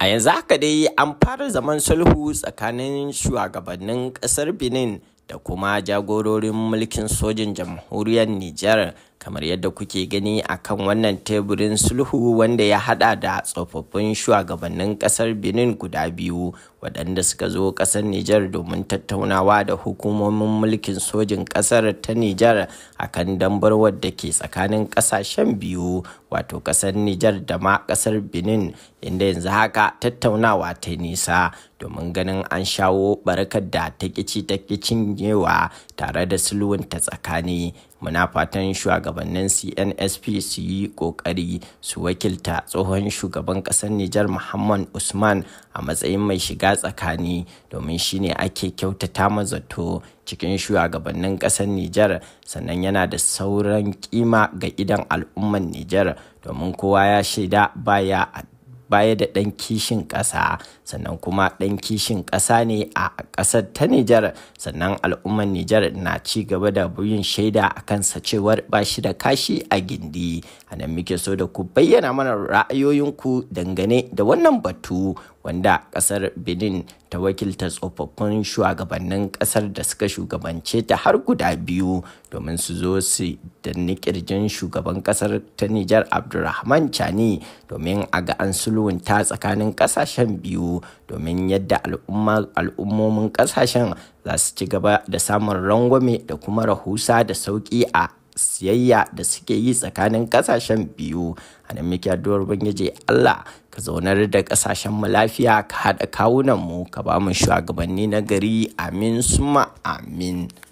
A yanzu haka dai an fara zaman sulhu tsakanin shugabannin ƙasar Benin da kuma jagororin mulkin sojin jamhuriyar Nijar kamar yadda kuke gani a kan wannan teburin sulhu wanda ya hada da tsofaffin shugabannin kasar benin guda biyu waɗanda suka zo ƙasar nijar domin tattaunawa da hukumomin mulkin sojin ƙasar ta nijar a kan dambarwar da ke tsakanin ƙasashen biyu wato ƙasar nijar da ma ƙasar benin inda yanzu haka tattaunawa ta nisa domin ganin an shawo barkar da ta tare da sulhunta tsakani muna fatan shugabannin cnsp su yi kokari su wakilta tsohon shugaban kasar nijar muhammad usman a matsayin mai shiga tsakani domin shine ake kyautata mazato cikin shugabannin kasar nijar sannan yana da sauran kima ga idan al'umman nijar domin kowa ya shaida baya a baya da ɗan kishin ƙasa sannan kuma ɗan kishin ƙasa ne a ƙasar ta Nijar sannan al'ummar Nijar na ci gaba da yin shaida a kansa cewar ba shi da kashi a gindi a nan muke so da ku bayyana mana ra'ayoyinku dangane da wannan batu wanda kasar benin ta wakilta tsofaffin shugabannin kasar da suka shugabance ta har guda biyu domin su zo su da nikirjin shugaban kasar ta nijar abdulrahman chani domin a ga an sulwunta tsakanin kasashen biyu domin yadda al'ummomin kasashen za su ci gaba da samun rangwame da kuma rahusa da sauki a siyayya da suke yi tsakanin kasashen biyu a nan muke addu'ar ubangiji Allah ka zaunar da kasashen mu lafiya ka haɗa kawunan mu ka ba mu shugabanni na gari amin suma amin